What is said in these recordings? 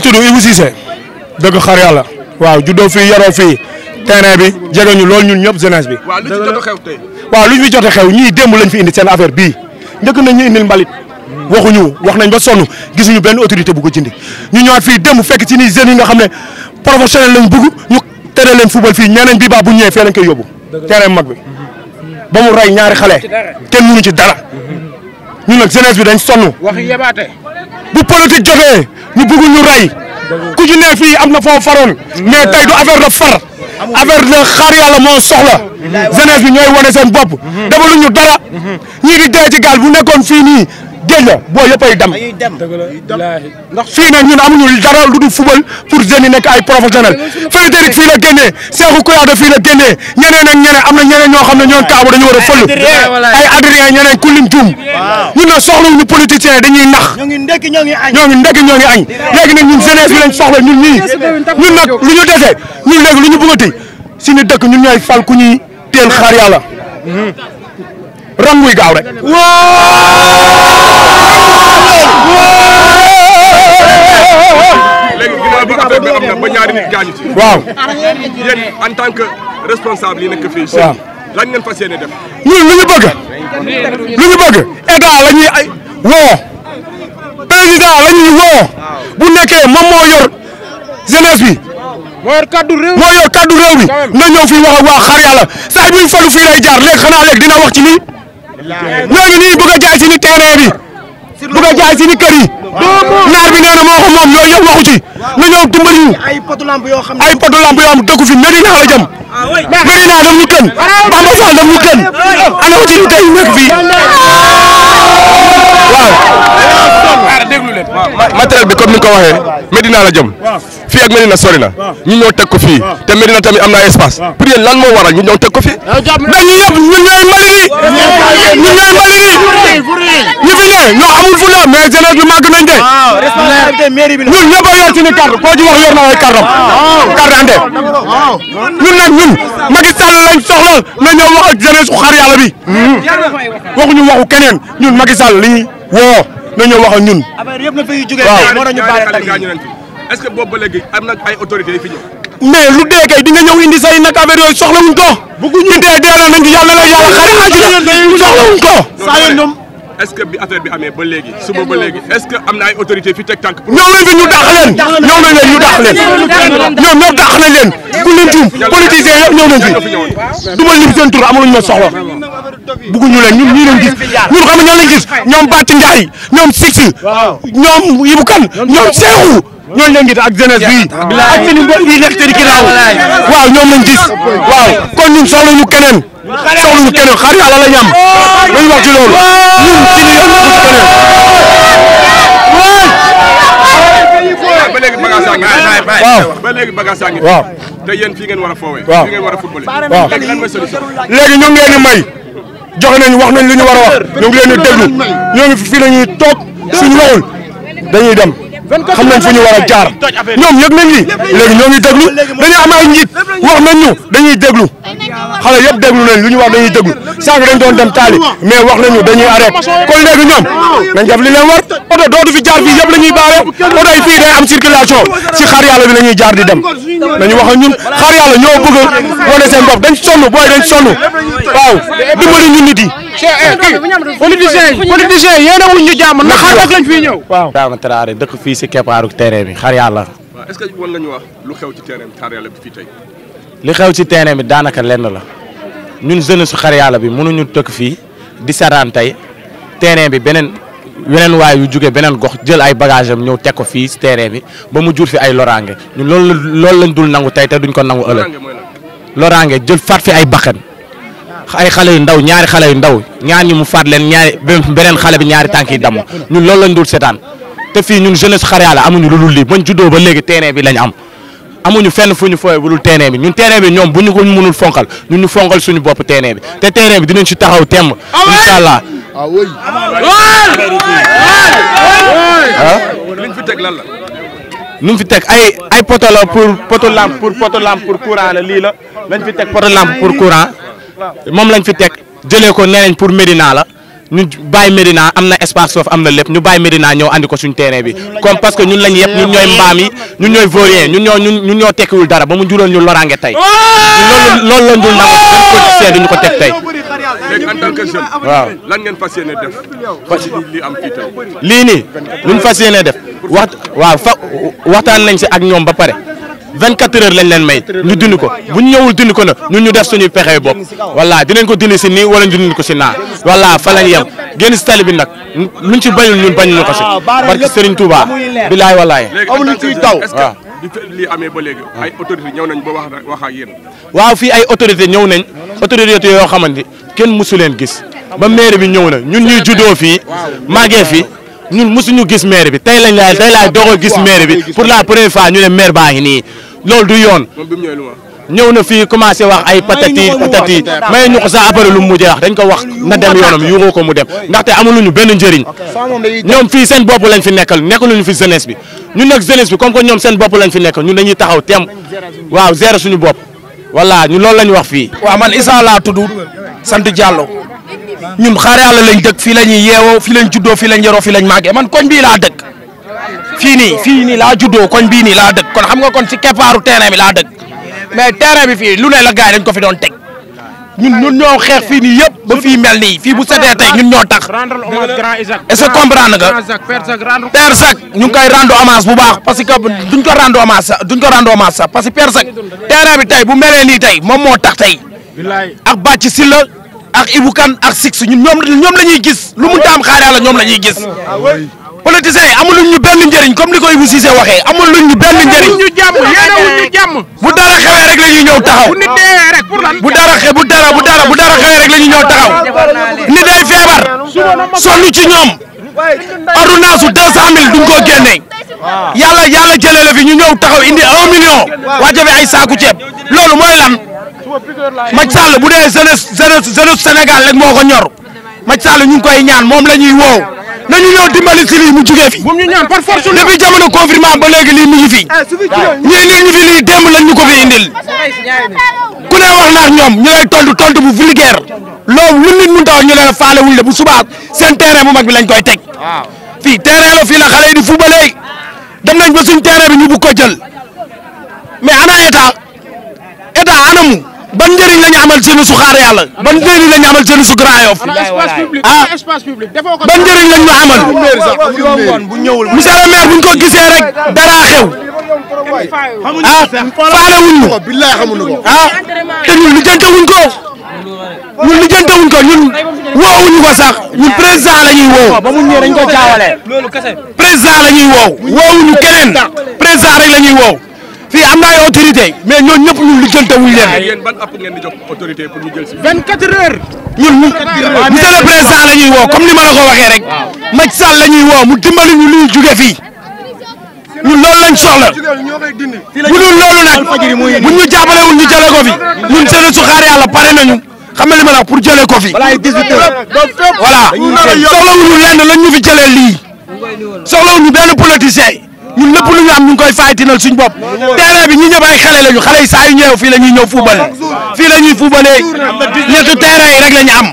ngi tudd Ibou Cissé dëgg xar yàlla waaw juddoo fii yaroo fii terrain bi jege ñu loolu ñun ñëpp jeunesse bi. waaw lu ci jot a xew lu ñu jot a xew ñii lañ fi indi seen affaire bii njëkk nañ ñu indil mbalit. waxuñu wax nañ ba gis ñu benn autorité bu ko jëndi ñu ñëwaat fii démb fekk ci ni jeunes yi nga xam ne professionnel lañ bëgg ñu tere leen football fii ñeneen bii baa bu ñëwee fee lañ koy yóbbu. terrain mag bi ba mu rey ñaari xale kenn mënu ci dara ñu nag jeunesse dañ sonn. ñu bëggul ñu rey ku ci ne fii am na foo faroon mais tey du affaire de far affaire de xaar yàlla moo soxla jeunesse bi ñooy wane seen bopp defaluñu dara ñii di dee ci gaal bu nekkoon fii nii dégg nga boo yëppay dem ndax fii nag ñun amuñu dara lu dul fubal pour jeunes yi nekk ay professionnel Frédéric fii la génnee Cheikhou Kouyaté fii la génnee ñeneen ñeneen am na ñeneen ñoo xam ne ñoo kaabu dañu war a fël ay Adrien ñeneen ku lim juum ñun nag soxlawuñu politiciens dañuy nax ñoo ngi ndekk ñoo ngi añ léegi nag ñun jeunesse bi lañ soxla ñun ñii ñun nag lu ñu dese ñun léegi lu ñu bëggati suñu dëkk ñun ñooy fal ku ñuy teel xaar yàlla mm-hmm. ram muy gaaw rek. léegi na ba ñaari nit gaañu ci. waaw yéen tant que responsable yi nekk fii. waaw lan ngeen fas yéene def. ñun lu ñu bëgg. lu ñu bëgg état la ñuy woo. bu nekkee moom moo yor jeunesse bi. moo yor kaddu réew mi moo yor kaddu réew mi. nga ñëw fii wax ak waa xar yàlla falu fii jaar léegi xanaa léegi dina wax ñoo ngi nii bëgg a jaay si terrain bi bëgg a jaay suñu kër yi naar bi nee na moo ko moom yooyu yëpp waxu ci na ñëw dimbali ñu ay poto lamp yoo xam ne dëkku fi Medina la jëm ah, Medina daf ñu kenn ah, Bamba Fall daf ñu kenn ah, ana ko ci ñu tey nekk fii waaw matériel ni ko waxee Medina la jëm fii ak Medina sori na ñu ñëw teg ko fii te Medina tamit am na espace pour yéen lan moo waral ñu ñëw teg ko fii mais ñu ñoo amul fu la mais jeunesse bi màgg nañ de. responsabilité mairie bi la ñun ñëpp a yor suñu carte koo ci wax yor na ay cartam carte ante ñun nag ñun Macky lañ soxla na ñëw wax ak jeunesse xar yàlla bi hmm. waxuñu waxu keneen ñun Macky Sall woo na ñëw wax ak ñun est-ce que boobu ba léegi am na ay autorités lu dee kay di nga ñëw indi na nag affaire yooyu soxlawuñ ko. bëgguñu indee dee la nañ ci yàlla la yàlla xaar yi àjjana soxlawuñ ko. est-ce que bi affaire bi ba léegi suba ba léegi est-ce que am na ay autorité fi teg tànk ñoom lañ fi ñu dàq leen nañ leen ñu dàq ñoom ñoo dàq nañ leen ku leen juum politicien nañ fi du ma tur amul ñu soxla bugguñu leen ñun ñii leen gis ñun xam nga ñoo leen gis ñoom Bati Ndiaye ñoom Six ñoom Ibou Kane ñoom Cheikhou ñooñu la ngi ak jeunesse bi ak seen mbokk yi nekk ci ginnaaw waaw ñoom lañ gis waaw kon ñun soxla ñu keneen soxla ñu keneen xar yàlla la wax ci loolu ñun ci ñu yoon ba léegi ngi waaw ba léegi bagage saa ngi waaw te a foowee a footballé waaw ñu wax nañ li ñu war a wax ñoo ngi fii la ñuy toog suñu waxul dañuy dem xam nañ fu ñu war a jaar ñoom yëg nañ li léegi ñoo ngi déglu dañuy am ay njiit wax nañ ñu dañuy déglu xale yëpp déglu nañ lu ñu wax dañuy déglu sànq dañ doon dem taali mais wax nañu dañuy arrêté kon léegi ñoom nañ def li leen war oto fi jaar fii yëpp la ñuy baare oto yi fii day am circulation si xar yàlla bi la jaar di dem nañu wax ak ñun xar yàlla ñoo bëgg wane seen bopp dañ sonn booy dañ sonn waaw dimbali ñun nit yi. politicien yi politicien yi yéen a wuñ ñu jàmm na xar rek lañ fiy ñëw. waaw dëkk fii si keppaaru terrain bi xar yàlla. waaw ce que war nañu wax lu xew ci terrain bi xar bi fii tey li xew si terrain bi daanaka lenn la ñun jeune su xar yàlla bi ñu teg fii di saraan tey terrain bi beneen weneen waay yu jóge beneen gox jël ay bagage am ñëw teg ko fii ci terrain bi ba mu jur fi ay loraange ñun loolu loolu lañ dul nangu tey te duñ ko nangu ëllëg loraange jël faat fi ay bakkan ay xale yu ndaw ñaari xale yu ndaw ñaar ñi mu faat leen ñaari beneen xale bi ñaari tànk yi damm ñun loolu lañ dul seetaan te fii ñun jeunesse xar yàlla amuñu lu dul lii bañ ba léegi terrain bi lañ am amuñu fenn fu ñu fooyee wulul terrain bi ñun terrain bi ñoom bu ñu ko mënul fonkal ñu ñu fonkal suñu boppu terrain bi te terrain bi dinañ ci taxaw temb incha allah. ah oui. liñ fi nu mu fi teg ay ay poto la pour poto lampe pour poto lampe pour courant la lii la lañ fi teg poto lampe pour courant moom lañ fi teg jëlee ko nee nañ pour Médina la. ñu bàyyi Médina am na espace foofu am na lépp ñu bàyyi Médina ñëw andi ko suñu terrain bi comme parce que ñu lañ yëpp ñun ñooy mbaam yi ñun ñooy vaurien ñun ñoo ñun ñun ñoo tekkiwul dara ba mu jural ñu loraange tey loolu loolu lañ dul nangu benn ko teg tey. léegi lan ngeen fas yéene def. lii am fii tey. lii nii luñ fas yéene def. wax waaw fa waxtaan nañ si ak ñoom ba pare. 24 heures lañ leen may ñu dindi ko bu ñu ñëwul dindi ko na ñun ñu def suñuy pexe bopp voilà dinañ ko dindi si nii wala ñu dindi ko si naa voilà fa lañ yem si tali bi nag luñ ci bañul ñun bañu ñu ko si ah, barke Serigne Touba bilaay walaay amul ciy taw waaw lii ba léegi ay autorité ñëw nañ ba wax wax ak yéen waaw fii ay autorité ñëw nañ autorité yoo xamante kenn mosu leen gis ba maire bi ñëw na ñun ñuy juddoo fii màggee fii ñun ñu gis maire bi tey lañ laay tey gis maire bi pour la première fois ñu ne maire baa ngi nii loolu du yoon. ñëw na fii commencé wax ay patati patati may ñu ko sax après lu mu mujjee wax dañ ko wax na dem yoonam yuuxoo ko mu dem ndaxte amuluñu benn njëriñ ñoom fii seen bopp lañ fi nekkal nekkaluñu fi jeunesse bi ñun nag jeunesse bi comme que ñoom seen bopp lañ fi nekkal ñun dañuy taxaw teem waa gérer suñu bopp voilà ñu loolu lañ wax fii. aman man Issa laa tudd sant Diallo. ñun xaar yàlla lañ dëkk fii la ñuy yeewoo fii lañ juddoo fii lañ yaroo fii lañ màggee man koñ bii laa dëkk fii nii fii nii laa juddoo koñ bii nii laa dëkk kon xam nga kon ci keppaaru terrain bi laa dëkk mais terrain bi fii lu ne la gars yi ko fi doon teg ñun ñun ñoo xeex fii nii ba fii mel nii fii bu setee tey ñun ñoo tax est-ce que comprendre nga Père Seck ñu ngi koy bu baax parce que duñ ko rendre hommage sax duñ ko rendre hommage que Père Seck terrain bi tey bu melee nii tey moom moo tax tey ak bàcc si ak Ibou Kane ak Six ñun ñoom ñoom la ñuy gis lu mun taam xaar yàlla ñoom la ñuy gis. politiciens yi amul luñ ñu benn njariñ comme ni ko Ibou Cissé waxee amul luñ ñu benn njëriñ. ñu jàmm yéen bu dara xewee rek la ñuy ñëw taxaw. bu nit dee bu dara xe bu dara bu dara bu dara xewee rek la ñuy ñëw taxaw. nit day feebar. sonn ci ñoom. ordonnance su 200000 duñ ko génne. yàlla yàlla jëlee la fi ñu ñëw taxaw indi 1 million. waa jafe ay saaku ceeb loolu mooy lan. Macky Sall bu dee jeunesse jeunesse jeunesse Sénégal moo ko ñor Macky Sall ñu ngi koy ñaan moom la ñuy woow nañu ñëw dimbali si mu jugee fi. moom ñu ñaan par force depuis jamono confinement ba léegi lii mi ngi fi. ñu eh, indil ñu fi lii démb lañ ko fi indil. ku ne wax na ñoom ñu lay tontu tontu bu vulgaire loolu lu nit mu taw ñu ne faale wuñ la bu subaa seen terrain bu mag bi lañ koy teg. fii terrain la fii la xale yi di fubalee dem nañ ba suñ terrain bi ñu bu ko jël mais ana état état anamu. ban njëriñ la ñu amal ci nu su xaar yàlla ban njëriñ la ñu amal ci nu su Grand Yoff ah ban njëriñ la ñu amal monsieur le maire bu ñu ko gisee rek daraa xew ah faale wuñ ko ah te ñun lu jënte wuñ ko ñun lu jënte wuñ ko ñun woowuñu ko sax ñun président la ñuy woow ba mu ñëwee dañ ko jaawale président la ñuy woow keneen président rek la ñuy woow fii am naa ay autorité mais ñooñu ñëpp ñun lijjantewuñu yéen ban app ngeen di jox autorité pour ñu jël si. 24 heures. ñun monsieur le président la woo comme ni ma la ko waxe rek. Macky Sall la ñuy woo mu dimbali ñu luy jóge fii. ñun loolu lañ soxla. bu dul loolu nag bu ñu jàppale wul ñu jëlee ko fi ñun seen su xaar yàlla pare nañu. xam nga li ma la wax pour jëlee ko fi. voilà soxlawuñu lenn lañ ñu fi jëlee lii. soxlawuñu benn politicien. ñun lépp ñu am ñu ngi koy faytinal suñ bopp terrain bi ñu ñëpp ay xale lañu xale yi saa yu fii la ñuy ñëw fuubale fii la ñuy fuubale ñetti terrain yi rek la ñu am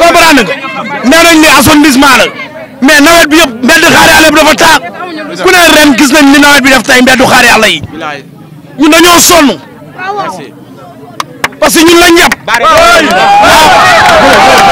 comprendre nga nee nañ ni assainissement la mais nawet bi yëpp mbedd xaar yàlla bi dafa gis nañ ni nawet bi def tey mbeddu xaar yàlla yi ñun dañoo sonn parce que ñun lañ yëpp